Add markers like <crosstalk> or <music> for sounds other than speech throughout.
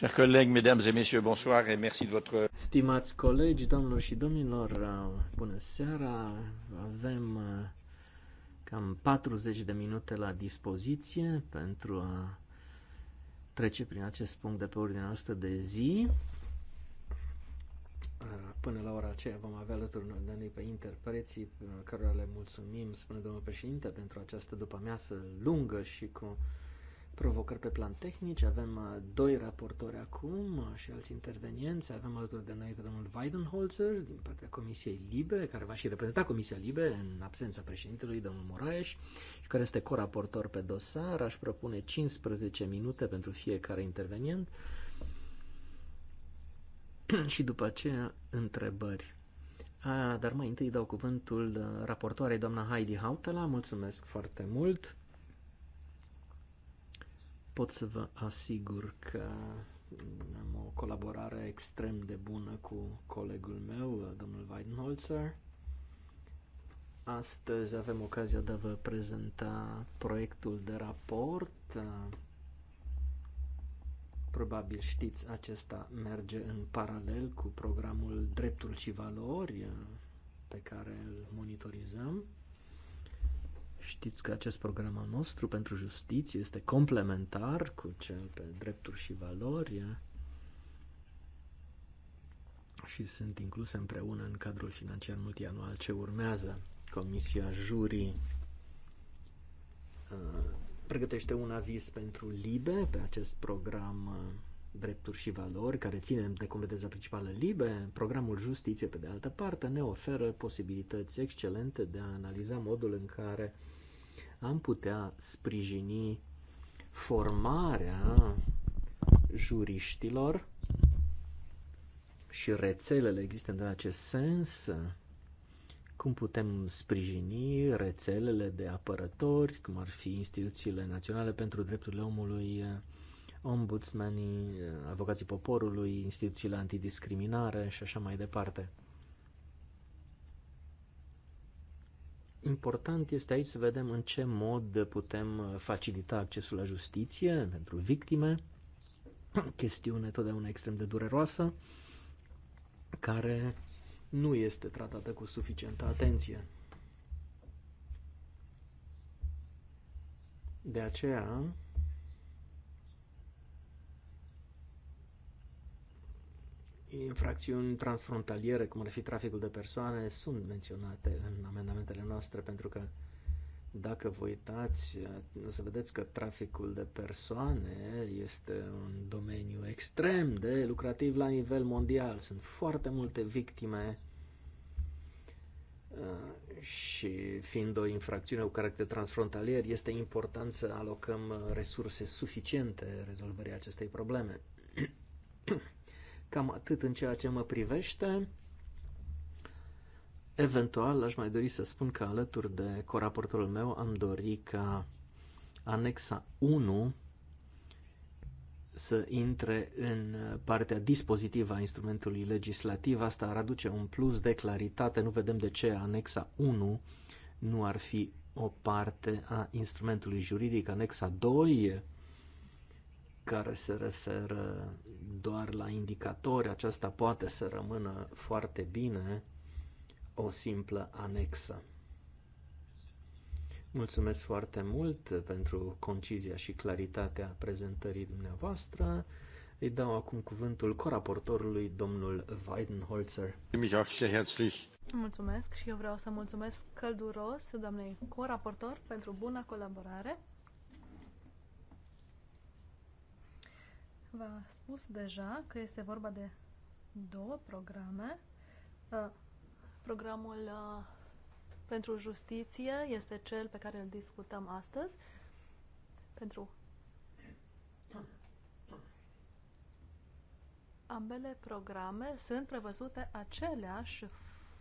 Chers collègues, mesdames et messieurs, bonsoir et merci de votre... Stimați colegi, domnilor și domnilor, uh, bună seara. Avem uh, cam 40 de minute la dispoziție pentru a trece prin acest punct de pe ordinea noastră de zi. Uh, până la ora aceea vom avea alături de noi pe interpreții, cărora le mulțumim, spune domnul președinte, pentru această după-amiasă lungă și cu provocări pe plan tehnic. Avem uh, doi raportori acum uh, și alți intervenienți. Avem alături de noi pe domnul Weidenholzer din partea Comisiei Libe, care va și reprezenta Comisia Libe în absența președintelui, domnul Moraes, și care este coraportor pe dosar. Aș propune 15 minute pentru fiecare intervenient <clears throat> și după aceea întrebări. A, dar mai întâi dau cuvântul uh, raportoarei doamna Heidi Hautala. Mulțumesc foarte mult! pot să vă asigur că am o colaborare extrem de bună cu colegul meu, domnul Weidenholzer. Astăzi avem ocazia de a vă prezenta proiectul de raport. Probabil știți, acesta merge în paralel cu programul Dreptul și Valori pe care îl monitorizăm. Știți că acest program al nostru pentru justiție este complementar cu cel pe drepturi și valori și sunt incluse împreună în cadrul financiar multianual ce urmează. Comisia Jurii uh, pregătește un aviz pentru LIBE pe acest program uh, drepturi și valori, care ținem de competența principală libe, programul justiție, pe de altă parte, ne oferă posibilități excelente de a analiza modul în care am putea sprijini formarea juriștilor și rețelele existente în acest sens, cum putem sprijini rețelele de apărători, cum ar fi instituțiile naționale pentru drepturile omului, ombudsmanii, eh, avocații poporului, instituțiile antidiscriminare și așa mai departe. Important este aici să vedem în ce mod putem eh, facilita accesul la justiție pentru victime, <clears throat> chestiune totdeauna extrem de dureroasă, care nu este tratată cu suficientă atenție. De aceea, infracțiuni transfrontaliere, cum ar fi traficul de persoane, sunt menționate în amendamentele noastre, pentru că dacă vă uitați, o să vedeți că traficul de persoane este un domeniu extrem de lucrativ la nivel mondial. Sunt foarte multe victime uh, și fiind o infracțiune cu caracter transfrontalier, este important să alocăm resurse suficiente rezolvării acestei probleme. <clears throat> Cam atât în ceea ce mă privește. Eventual, aș mai dori să spun că alături de coraportorul meu am dorit ca anexa 1 să intre în partea dispozitivă a instrumentului legislativ. Asta ar aduce un plus de claritate. Nu vedem de ce anexa 1 nu ar fi o parte a instrumentului juridic. Anexa 2 care se referă doar la indicatori, aceasta poate să rămână foarte bine o simplă anexă. Mulțumesc foarte mult pentru concizia și claritatea prezentării dumneavoastră. Îi dau acum cuvântul coraportorului, domnul Weidenholzer. Mulțumesc și eu vreau să mulțumesc călduros doamnei coraportor pentru bună colaborare. V-a spus deja că este vorba de două programe. Uh, programul uh, pentru justiție este cel pe care îl discutăm astăzi. Pentru ambele programe sunt prevăzute aceleași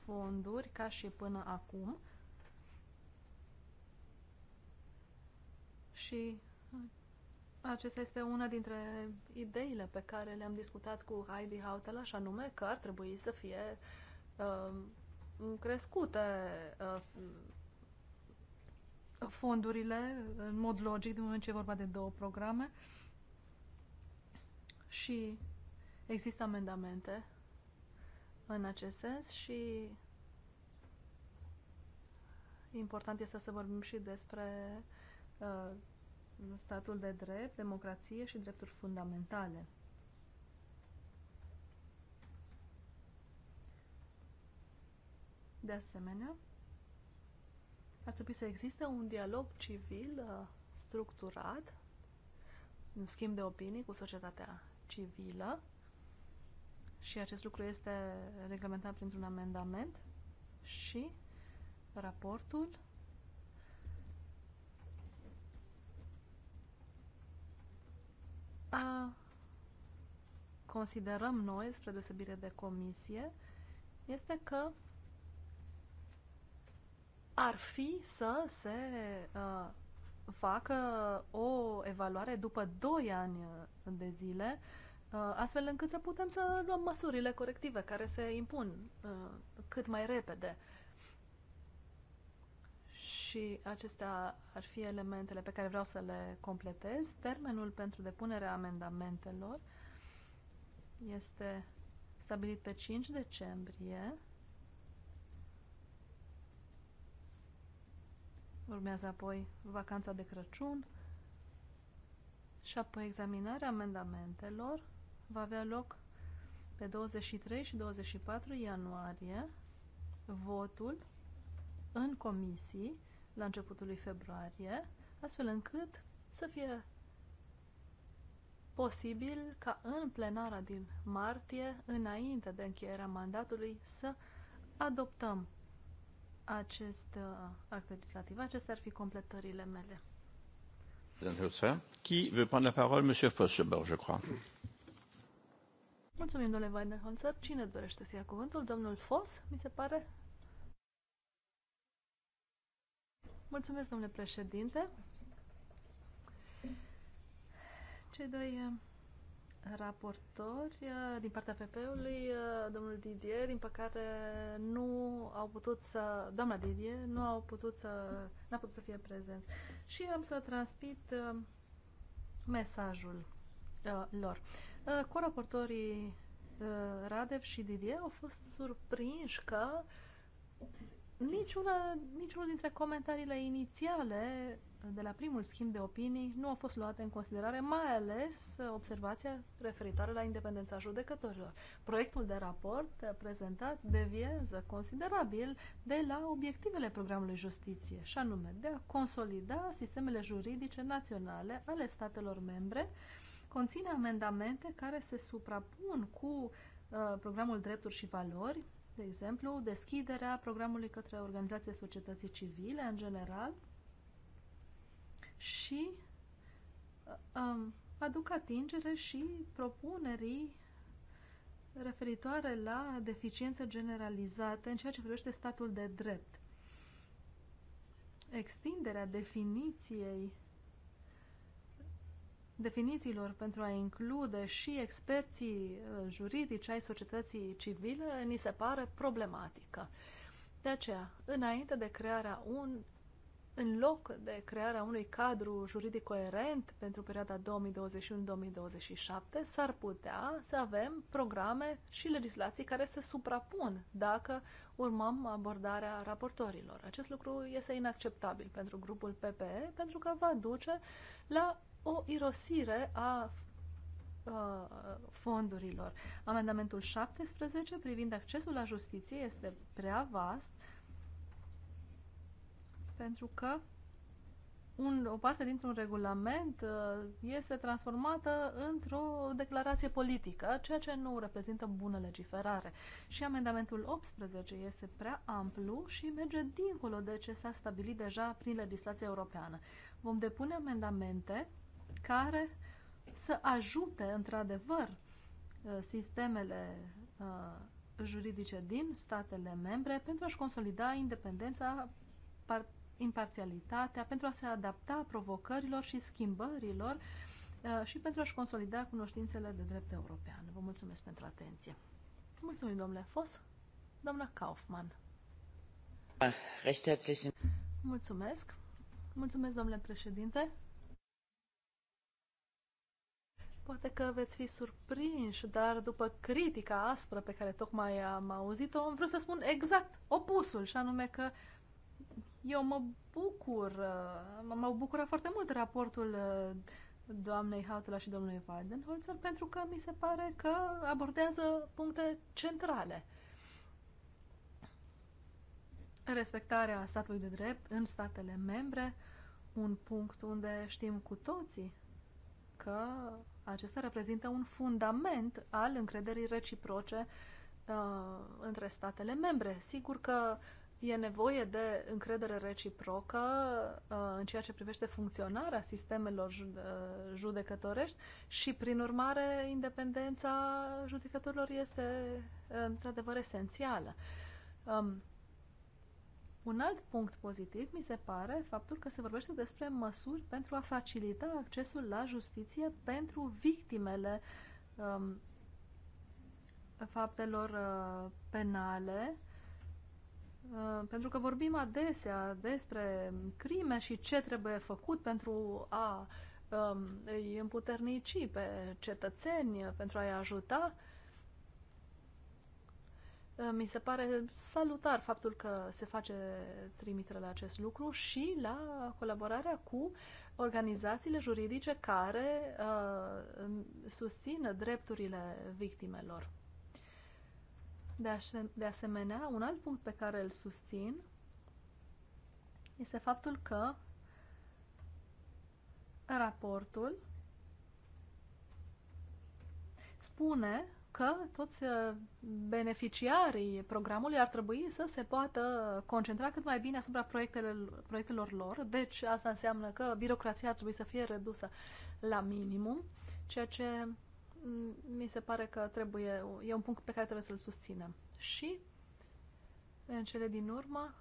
fonduri ca și până acum. Și acesta este una dintre ideile pe care le-am discutat cu Heidi Hautala, și anume că ar trebui să fie uh, crescute uh, fondurile în mod logic, din moment ce e vorba de două programe. Și există amendamente în acest sens și important este să vorbim și despre uh, statul de drept, democrație și drepturi fundamentale. De asemenea, ar trebui să existe un dialog civil uh, structurat, un schimb de opinii cu societatea civilă și acest lucru este reglementat printr-un amendament și raportul considerăm noi, spre deosebire de comisie, este că ar fi să se uh, facă o evaluare după 2 ani de zile, uh, astfel încât să putem să luăm măsurile corective care se impun uh, cât mai repede. Uh, și acestea ar fi elementele pe care vreau să le completez. Termenul pentru depunerea amendamentelor este stabilit pe 5 decembrie. Urmează apoi vacanța de Crăciun și apoi examinarea amendamentelor va avea loc pe 23 și 24 ianuarie votul în comisii la începutul lui februarie, astfel încât să fie posibil ca în plenara din martie, înainte de încheierea mandatului, să adoptăm acest uh, act legislativ. Acestea ar fi completările mele. Qui veut prendre la parole? Monsieur Fosseberg, je crois. Mulțumim, domnule Weidenholzer. Cine dorește să ia cuvântul? Domnul Foss, mi se pare? Mulțumesc, domnule președinte. Cei doi eh, raportori eh, din partea PP-ului, eh, domnul Didier, din păcate nu au putut să, doamna Didier, nu au putut să, n-a putut să fie prezenți. Și am să transmit mesajul lor. Coraportorii Radev și Didier au fost surprinși că uh, Niciuna, niciunul dintre comentariile inițiale de la primul schimb de opinii nu au fost luate în considerare, mai ales uh, observația referitoare la independența judecătorilor. Proiectul de raport uh, prezentat deviază considerabil de la obiectivele programului justiție, și anume de a consolida sistemele juridice naționale ale statelor membre, conține amendamente care se suprapun cu uh, programul drepturi și valori, de exemplu, deschiderea programului către organizații societății civile în general și uh, um, aduc atingere și propunerii referitoare la deficiențe generalizate în ceea ce privește statul de drept. Extinderea definiției definițiilor pentru a include și experții uh, juridici ai societății civile ni se pare problematică. De aceea, înainte de crearea un, în loc de crearea unui cadru juridic coerent pentru perioada 2021-2027, s-ar putea să avem programe și legislații care se suprapun dacă urmăm abordarea raportorilor. Acest lucru este inacceptabil pentru grupul PPE pentru că va duce la o irosire a fondurilor. Amendamentul 17 privind accesul la justiție este prea vast, pentru că un, o parte dintr-un regulament uh, este transformată într-o declarație politică, ceea ce nu reprezintă bună legiferare. Și amendamentul 18 este prea amplu și merge dincolo de ce s-a stabilit deja prin legislația europeană. Vom depune amendamente care să ajute într-adevăr uh, sistemele uh, juridice din statele membre pentru a-și consolida independența imparțialitatea, pentru a se adapta provocărilor și schimbărilor uh, și pentru a-și consolida cunoștințele de drept european. Vă mulțumesc pentru atenție. Mulțumim, domnule Fos. Doamna Kaufmann. Mulțumesc. Mulțumesc, domnule președinte. Poate că veți fi surprinși, dar după critica aspră pe care tocmai am auzit-o, am vrut să spun exact opusul, și anume că eu mă bucur, m-au bucurat foarte mult raportul uh, doamnei Hautela și domnului Weidenholzer pentru că mi se pare că abordează puncte centrale. Respectarea statului de drept în statele membre, un punct unde știm cu toții că acesta reprezintă un fundament al încrederii reciproce uh, între statele membre. Sigur că uh, E nevoie de încredere reciprocă uh, în ceea ce privește funcționarea sistemelor uh, judecătorești și, prin urmare, independența judecătorilor este uh, într-adevăr esențială. Um, un alt punct pozitiv mi se pare faptul că se vorbește despre măsuri pentru a facilita accesul la justiție pentru victimele um, faptelor uh, penale Uh, pentru că vorbim adesea despre crime și ce trebuie făcut pentru a um, îi împuternici pe cetățeni, pentru a-i ajuta, uh, mi se pare salutar faptul că se face trimitere la acest lucru și la colaborarea cu organizațiile juridice care uh, susțin drepturile victimelor. De, asemenea, un alt punct pe care îl susțin este faptul că raportul spune că toți uh, beneficiarii programului ar trebui să se poată concentra cât mai bine asupra proiectelor lor. Deci asta înseamnă că birocrația ar trebui să fie redusă la minimum, ceea ce mi se pare că trebuie, e un punct pe care trebuie să-l susținem. Și, în cele din urmă,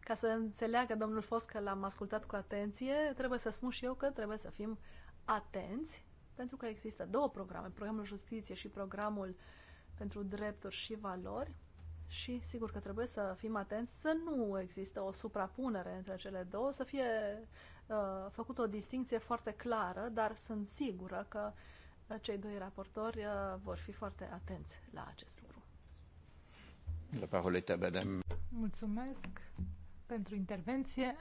ca să înțeleagă domnul Fost că l-am ascultat cu atenție, trebuie să spun și eu că trebuie să fim atenți, pentru că există două programe, programul Justiție și programul pentru drepturi și valori, și sigur că trebuie să fim atenți să nu există o suprapunere între cele două, să fie Uh, făcut o distinție foarte clară, dar sunt sigură că uh, cei doi raportori uh, vor fi foarte atenți la acest lucru. La parole Mulțumesc pentru intervenție.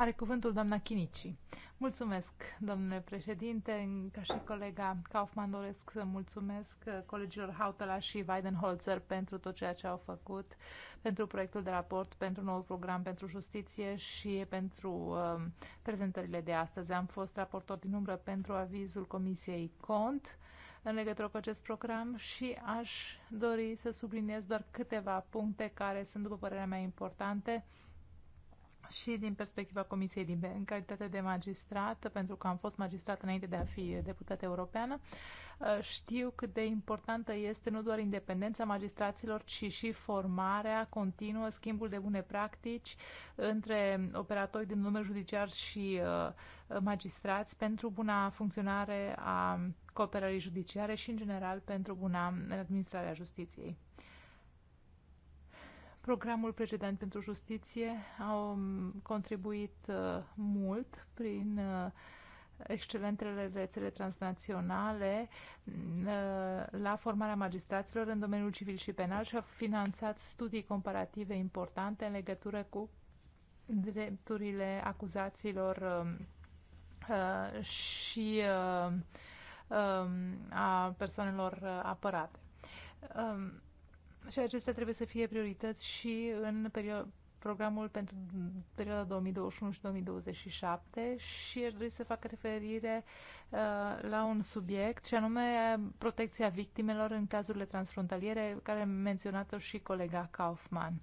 Are cuvântul doamna Chinici. Mulțumesc, domnule președinte. Ca și colega Kaufman doresc să mulțumesc uh, colegilor Hautala și Weidenholzer pentru tot ceea ce au făcut, pentru proiectul de raport, pentru noul program pentru justiție și pentru uh, prezentările de astăzi. Am fost raportor din umbră pentru avizul Comisiei Cont în legătură cu acest program și aș dori să subliniez doar câteva puncte care sunt, după părerea mea, importante și din perspectiva Comisiei Libe, în calitate de magistrat, pentru că am fost magistrat înainte de a fi deputată europeană, uh, știu cât de importantă este nu doar independența magistraților, ci și formarea continuă, schimbul de bune practici între operatori din lume judiciar și uh, magistrați pentru buna funcționare a cooperării judiciare și, în general, pentru buna administrare a justiției. Programul precedent pentru justiție a um, contribuit uh, mult prin uh, excelentele rețele transnaționale mm, uh, la formarea magistraților în domeniul civil și penal și a finanțat studii comparative importante în legătură cu drepturile acuzaților um, și um, a persoanelor apărate. Și acestea trebuie să fie priorități și în programul pentru perioada 2021 2027 și aș dori să fac referire uh, la un subiect și anume protecția victimelor în cazurile transfrontaliere care a menționat-o și colega Kaufman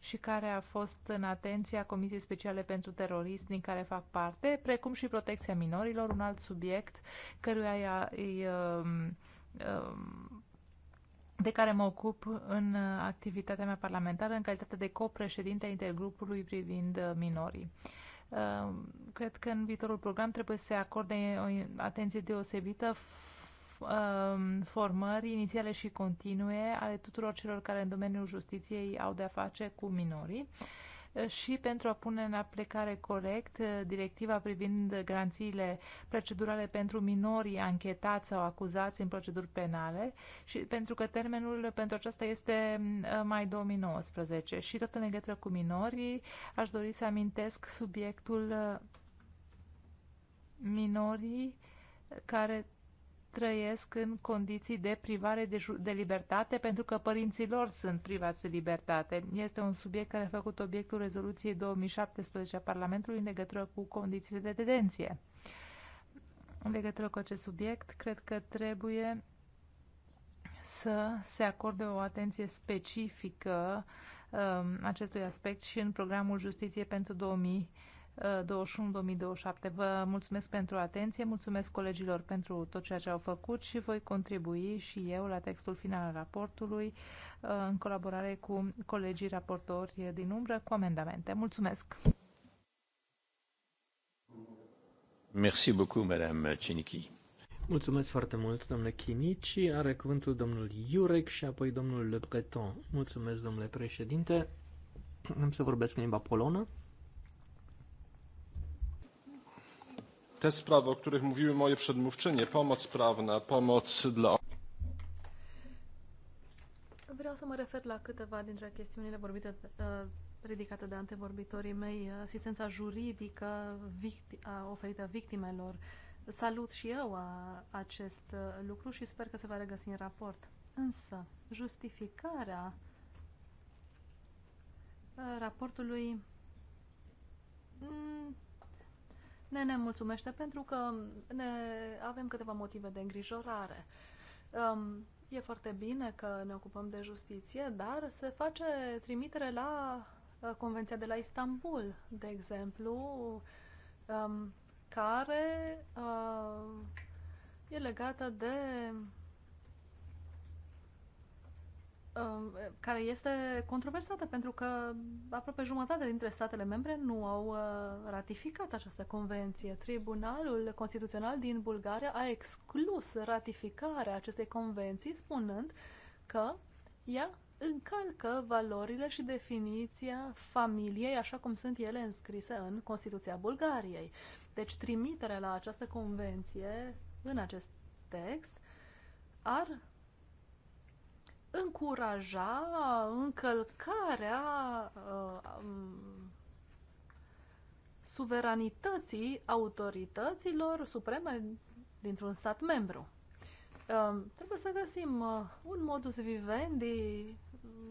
și care a fost în atenția Comisiei Speciale pentru Terorism din care fac parte, precum și protecția minorilor, un alt subiect căruia îi de care mă ocup în uh, activitatea mea parlamentară în calitate de copreședinte a intergrupului privind uh, minorii. Uh, cred că în viitorul program trebuie să se acorde o atenție deosebită formări inițiale și continue ale tuturor celor care în domeniul justiției au de-a face cu minorii și pentru a pune în aplicare corect uh, directiva privind garanțiile procedurale pentru minorii anchetați sau acuzați în proceduri penale și pentru că termenul pentru aceasta este uh, mai 2019 și tot în legătură cu minorii aș dori să amintesc subiectul uh, minorii care trăiesc în condiții de privare de, de libertate pentru că părinții lor sunt privați de libertate. Este un subiect care a făcut obiectul rezoluției 2017 a Parlamentului în legătură cu condițiile de detenție. În legătură cu acest subiect, cred că trebuie să se acorde o atenție specifică um, acestui aspect și în programul Justiție pentru 2000. 21 2027 Vă mulțumesc pentru atenție, mulțumesc colegilor pentru tot ceea ce au făcut și voi contribui și eu la textul final al raportului uh, în colaborare cu colegii raportori din umbră cu amendamente. Mulțumesc! Merci beaucoup, Madame Cinichi. Mulțumesc foarte mult, domnule Chinici. Are cuvântul domnul Iurec și apoi domnul Le Breton. Mulțumesc, domnule președinte. Am să vorbesc în limba polonă. te sprawy, o których mówiły moje przedmówczynie, pomoc prawna, pomoc dla... Vreau să mă refer la câteva dintre chestiunile vorbite, uh, ridicate de antevorbitorii mei, asistența juridică victi, oferită victimelor. Salut și eu a, uh, acest uh, lucru și sper că se va regăsi în raport. Însă, justificarea raportului mm, ne nemulțumește pentru că ne avem câteva motive de îngrijorare. Um, e foarte bine că ne ocupăm de justiție, dar se face trimitere la uh, Convenția de la Istanbul, de exemplu, um, care uh, e legată de Um, care este controversată pentru că aproape jumătate dintre statele membre nu au uh, ratificat această convenție. Tribunalul Constituțional din Bulgaria a exclus ratificarea acestei convenții spunând că ea încalcă valorile și definiția familiei așa cum sunt ele înscrise în Constituția Bulgariei. Deci trimiterea la această convenție în acest text ar încuraja încălcarea uh, um, suveranității autorităților supreme dintr-un stat membru. Um, trebuie să găsim uh, un modus vivendi,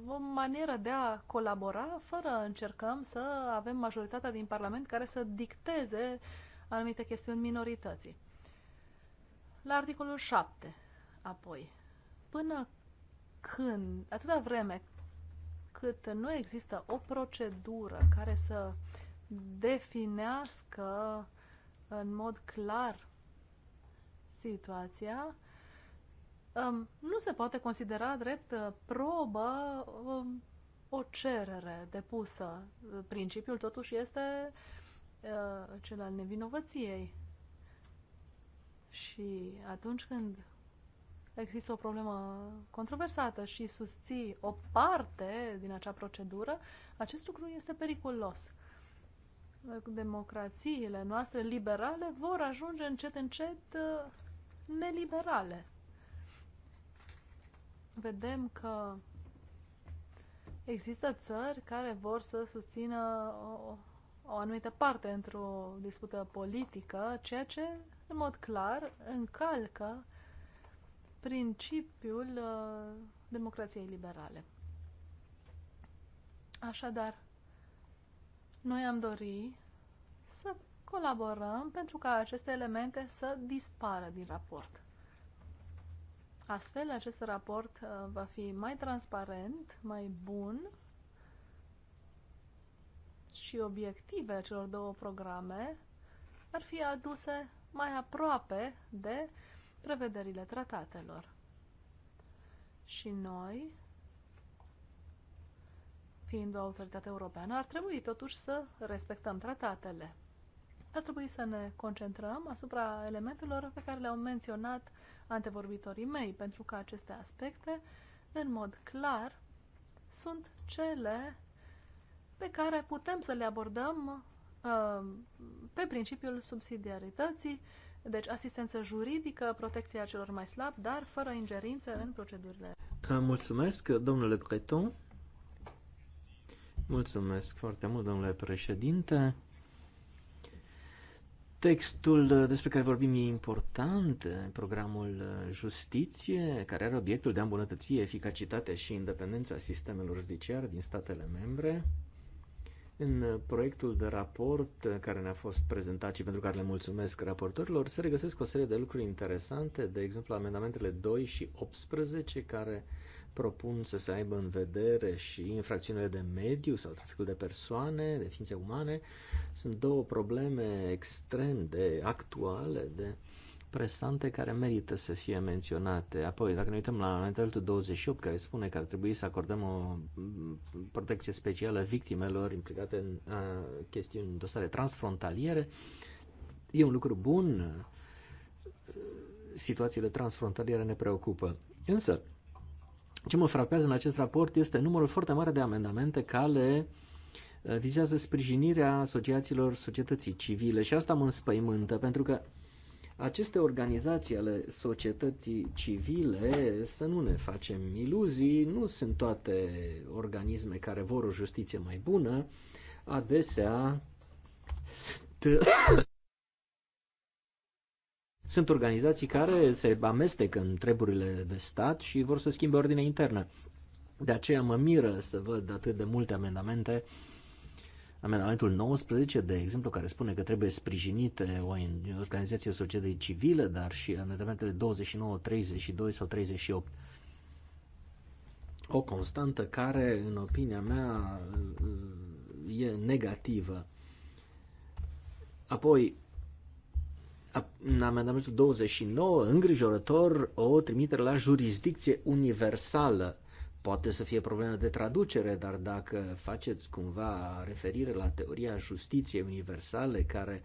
o manieră de a colabora fără încercăm să avem majoritatea din Parlament care să dicteze anumite chestiuni minorității. La articolul 7, apoi, până când, atâta vreme cât nu există o procedură care să definească în mod clar situația, um, nu se poate considera drept uh, probă um, o cerere depusă. Principiul totuși este uh, cel al nevinovăției. Și atunci când există o problemă controversată și susții o parte din acea procedură, acest lucru este periculos. Democrațiile noastre liberale vor ajunge încet, încet uh, neliberale. Vedem că există țări care vor să susțină o, o anumită parte într-o dispută politică, ceea ce, în mod clar, încalcă principiul uh, democrației liberale. Așadar, noi am dori să colaborăm pentru ca aceste elemente să dispară din raport. Astfel, acest raport uh, va fi mai transparent, mai bun și obiectivele celor două programe ar fi aduse mai aproape de uh, prevederile tratatelor. Și noi, fiind o autoritate europeană, ar trebui totuși să respectăm tratatele. Ar trebui să ne concentrăm asupra elementelor pe care le-au menționat antevorbitorii mei, pentru că aceste aspecte, în mod clar, sunt cele pe care putem să le abordăm uh, pe principiul subsidiarității, uh, deci asistență juridică, protecția celor mai slabi, dar fără ingerință în procedurile. Mulțumesc, domnule Breton. Mulțumesc foarte mult, domnule președinte. Textul despre care vorbim e important, programul Justiție, care are obiectul de a îmbunătăți eficacitatea și independența sistemelor judiciare din statele membre. În proiectul de raport care ne-a fost prezentat și pentru care le mulțumesc raportorilor, se regăsesc o serie de lucruri interesante, de exemplu amendamentele 2 și 18 care propun să se aibă în vedere și infracțiunile de mediu sau traficul de persoane, de ființe umane. Sunt două probleme extrem de actuale, de presante care merită să fie menționate. Apoi, dacă ne uităm la amendamentul 28, care spune că ar trebui să acordăm o protecție specială victimelor implicate în a, uh, chestiuni, în dosare transfrontaliere, e un lucru bun. Situațiile transfrontaliere ne preocupă. Însă, ce mă frapează în acest raport este numărul foarte mare de amendamente care uh, vizează sprijinirea asociațiilor societății civile și asta mă înspăimântă, pentru că aceste organizații ale societății civile, să nu ne facem iluzii, nu sunt toate organisme care vor o justiție mai bună, adesea sunt organizații care se amestecă în treburile de stat și vor să schimbe ordinea internă. De aceea mă miră să văd atât de multe amendamente uh, Amendamentul 19, de exemplu, care spune că trebuie sprijinite organizație societății civile, dar și amendamentele 29, 32 sau 38. O constantă care, în opinia mea, uh, e negativă. Apoi, în amendamentul 29, îngrijorător, o trimitere la jurisdicție universală Poate să fie problemă de traducere, dar dacă faceți cumva referire la teoria justiției universale care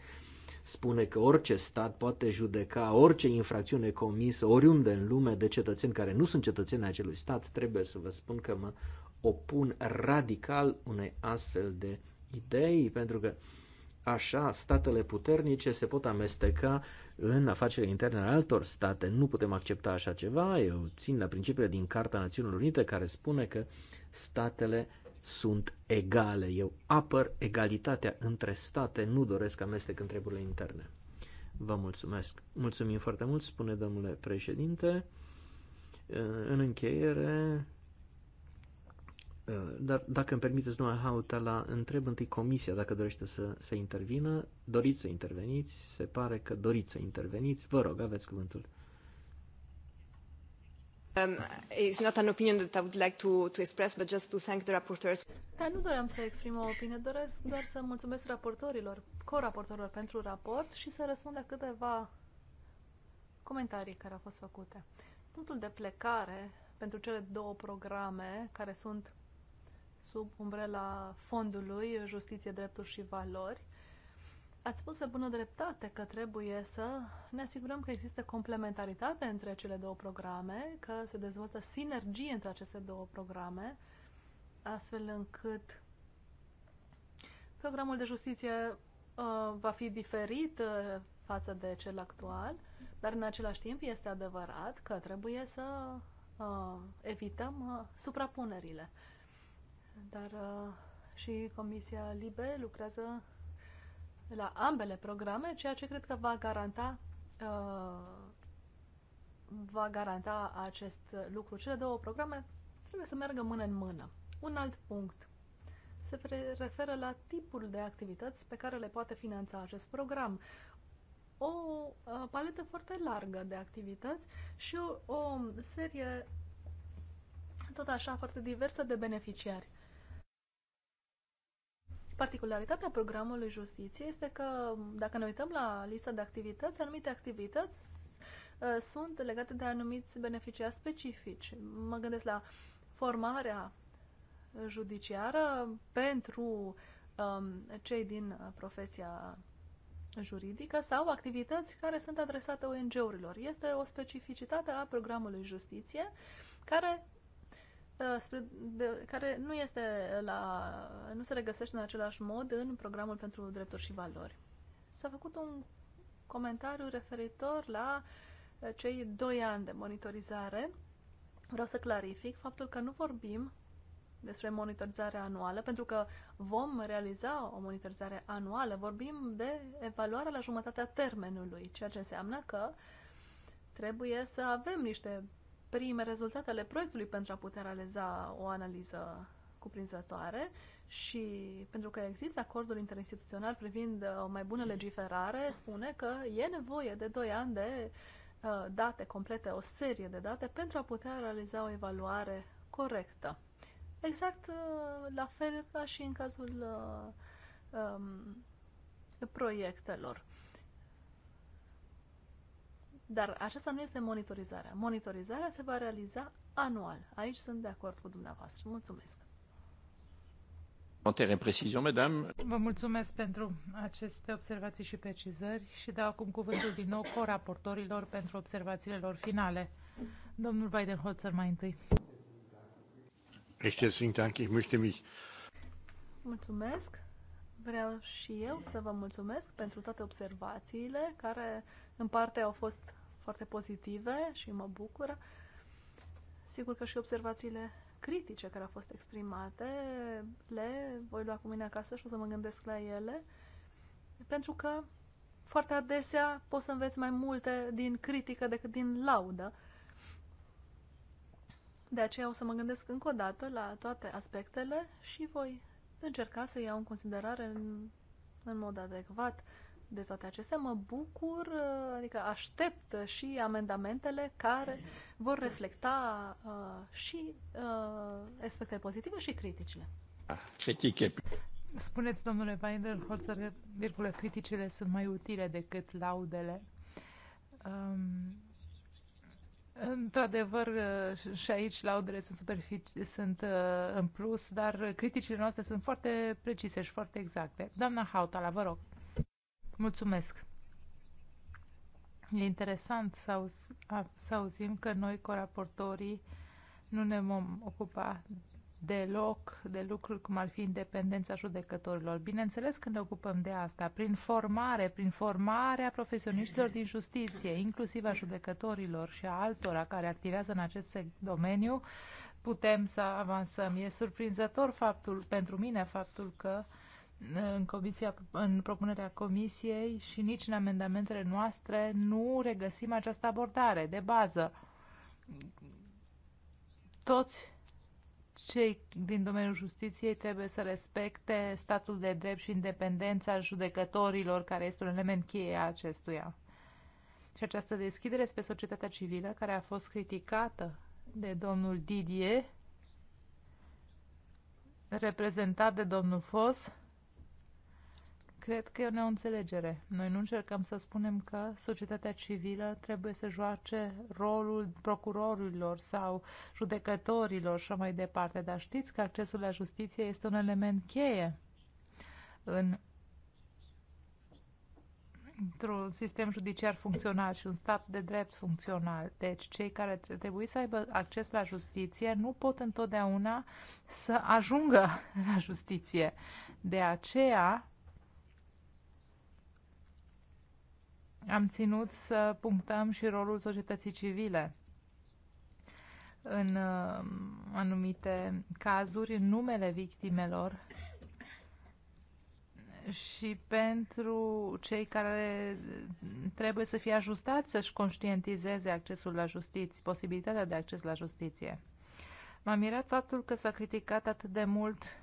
spune că orice stat poate judeca orice infracțiune comisă oriunde în lume de cetățeni care nu sunt cetățeni acelui stat, trebuie să vă spun că mă opun radical unei astfel de idei, pentru că uh, Așa, statele puternice se pot amesteca în afacerile interne ale altor state. Nu putem accepta așa ceva. Eu țin la principiile din Carta Națiunilor Unite care spune că statele sunt egale. Eu apăr egalitatea între state, nu doresc amestec în treburile interne. Vă mulțumesc. Mulțumim foarte mult, spune domnule președinte. În încheiere, Eh, dar dacă îmi permiteți, doamna Hautala, întreb întâi comisia dacă dorește să, să intervină. Doriți să interveniți? Se pare că doriți să interveniți. Vă rog, aveți cuvântul. Um, it's not an opinion that I would like to, to express, but just to thank the rapporteurs. Da, nu doream să exprim o opinie, doresc doar să mulțumesc raportorilor, co-raportorilor pentru raport și să răspund la câteva comentarii care au fost făcute. Punctul de plecare pentru cele două programe care sunt sub umbrela fondului Justiție, Drepturi și Valori. Ați spus pe bună dreptate că trebuie să ne asigurăm că există complementaritate între cele două programe, că se dezvoltă sinergie între aceste două programe, astfel încât programul de justiție uh, va fi diferit uh, față de cel actual, dar în același timp este adevărat că trebuie să uh, evităm uh, suprapunerile. Uh, dar uh, și Comisia LIBE lucrează la ambele programe, ceea ce cred că va garanta uh, va garanta acest lucru. Cele două programe trebuie să meargă mână în mână. Un alt punct se referă la tipul de activități pe care le poate finanța acest program. O uh, paletă foarte largă de activități și o, o serie tot așa foarte diversă de beneficiari. Particularitatea programului justiție este că, dacă ne uităm la lista de activități, anumite activități uh, sunt legate de anumiți beneficiari specifici. Mă gândesc la formarea judiciară pentru um, cei din profesia juridică sau activități care sunt adresate ONG-urilor. Este o specificitate a programului justiție care Uh, spre, de, care nu, este la, nu se regăsește în același mod în programul pentru drepturi și valori. S-a făcut un comentariu referitor la uh, cei doi ani de monitorizare. Vreau să clarific faptul că nu vorbim despre monitorizare anuală, pentru că vom realiza o monitorizare anuală. Vorbim de evaluarea la jumătatea termenului, ceea ce înseamnă că trebuie să avem niște prime rezultatele proiectului pentru a putea realiza o analiză cuprinzătoare și pentru că există acordul interinstituțional privind uh, o mai bună legiferare, spune că e nevoie de 2 ani de uh, date complete, o serie de date pentru a putea realiza o evaluare corectă. Exact uh, la fel ca și în cazul um, proiectelor. Dar aceasta nu este monitorizarea. Monitorizarea se va realiza anual. Aici sunt de acord cu dumneavoastră. Mulțumesc. Vă mulțumesc pentru aceste observații și precizări și dau acum cuvântul din nou coraportorilor pentru observațiile lor finale. Domnul Weidenholzer mai întâi. ich möchte mich Mulțumesc! Vreau și eu să vă mulțumesc pentru toate observațiile care în parte au fost foarte pozitive și mă bucură. Sigur că și observațiile critice care au fost exprimate le voi lua cu mine acasă și o să mă gândesc la ele, pentru că foarte adesea poți să înveți mai multe din critică decât din laudă. De aceea o să mă gândesc încă o dată la toate aspectele și voi încerca să iau în considerare în, în mod adecvat de toate acestea, mă bucur, uh, adică aștept și amendamentele care vor reflecta uh, și uh, aspectele pozitive și criticile. Ah, Critice. Spuneți, domnule Weiderholzer, că virgulă, criticile sunt mai utile decât laudele. Um, Într-adevăr, uh, și aici laudele sunt, superfici, sunt uh, în plus, dar criticile noastre sunt foarte precise și foarte exacte. Doamna Hautala, vă rog. Mulțumesc! E interesant să, auz, să auzim că noi, coraportorii, nu ne vom ocupa deloc de lucruri cum ar fi independența judecătorilor. Bineînțeles că ne ocupăm de asta, prin formare, prin formarea profesioniștilor din justiție, inclusiv a judecătorilor și a altora care activează în acest domeniu, putem să avansăm. E surprinzător faptul, pentru mine faptul că uh, în, comisia, în propunerea comisiei și nici în amendamentele noastre nu regăsim această abordare de bază. Toți cei din domeniul justiției trebuie să respecte statul de drept și independența judecătorilor, care este un element cheie a acestuia. Și această deschidere spre societatea civilă, care a fost criticată de domnul Didier, reprezentat de domnul Fos, Cred că e o neînțelegere. Noi nu încercăm să spunem că societatea civilă trebuie să joace rolul procurorilor sau judecătorilor și mai departe, dar știți că accesul la justiție este un element cheie în într-un sistem judiciar funcțional și un stat de drept funcțional. Deci cei care trebuie să aibă acces la justiție nu pot întotdeauna să ajungă <laughs> la justiție. De aceea am ținut să punctăm și rolul societății civile în uh, anumite cazuri, în numele victimelor și pentru cei care trebuie să fie ajustați să-și conștientizeze accesul la justiție, posibilitatea de acces la justiție. M-a mirat faptul că s-a criticat atât de mult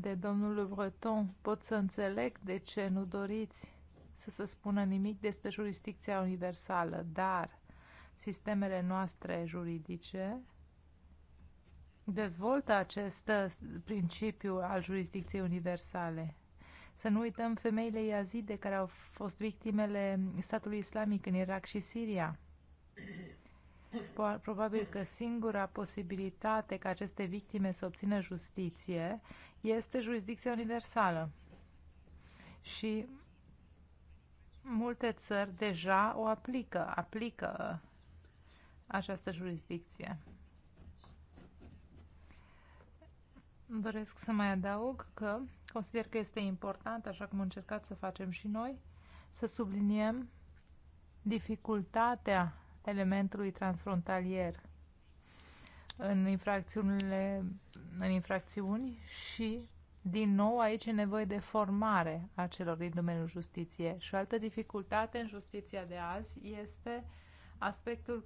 de domnul Le Breton, pot să înțeleg de ce nu doriți să se spună nimic despre jurisdicția universală, dar sistemele noastre juridice dezvoltă acest principiu al jurisdicției universale. Să nu uităm femeile iazide care au fost victimele statului islamic în Irak și Siria. Probabil că singura posibilitate ca aceste victime să obțină justiție este jurisdicția universală. Și multe țări deja o aplică, aplică această jurisdicție. Doresc să mai adaug că consider că este important, așa cum am încercat să facem și noi, să subliniem dificultatea elementului transfrontalier în infracțiunile, în infracțiuni și din nou, aici e nevoie de formare a celor din domeniul justiție. Și o altă dificultate în justiția de azi este aspectul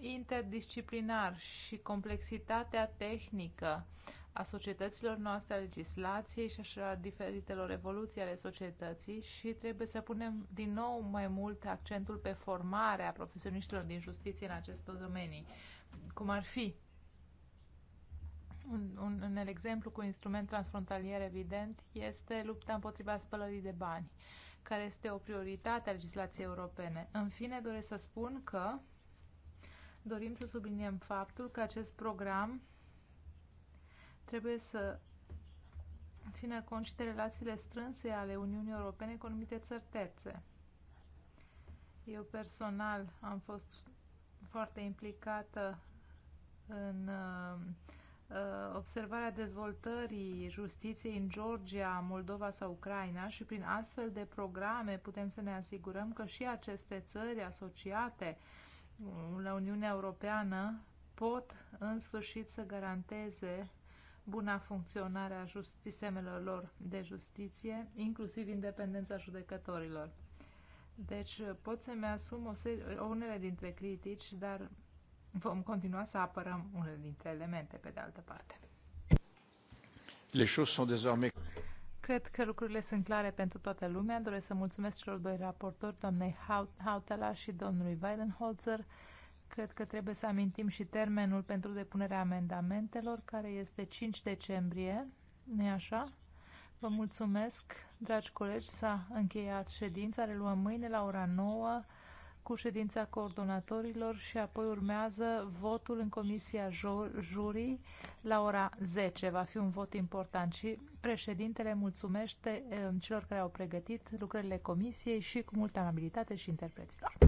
interdisciplinar și complexitatea tehnică a societăților noastre, a legislației și a diferitelor evoluții ale societății și trebuie să punem din nou mai mult accentul pe formarea profesioniștilor din justiție în aceste domenii. Cum ar fi un, un, un exemplu cu instrument transfrontalier evident este lupta împotriva spălării de bani, care este o prioritate a legislației europene. În fine, doresc să spun că dorim să subliniem faptul că acest program trebuie să țină cont și de relațiile strânse ale Uniunii Europene cu anumite țări terțe. Eu personal am fost foarte implicată în uh, uh, observarea dezvoltării justiției în Georgia, Moldova sau Ucraina și prin astfel de programe putem să ne asigurăm că și aceste țări asociate uh, la Uniunea Europeană pot în sfârșit să garanteze buna funcționare a sistemelor lor de justiție, inclusiv independența judecătorilor. Deci pot să-mi asum o serie, unele dintre critici, dar vom continua să apărăm unele dintre elemente, pe de altă parte. Les choses sont désormais... Cred că lucrurile sunt clare pentru toată lumea. Doresc să mulțumesc celor doi raportori, doamnei Hautala și domnului Weidenholzer. Cred că trebuie să amintim și termenul pentru depunerea amendamentelor, care este 5 decembrie, nu așa? Vă mulțumesc, dragi colegi, s-a încheiat ședința, reluăm mâine la ora 9 cu ședința coordonatorilor și apoi urmează votul în comisia jurii la ora 10. Va fi un vot important și președintele mulțumește eh, celor care au pregătit lucrările comisiei și cu multă amabilitate și interpreților.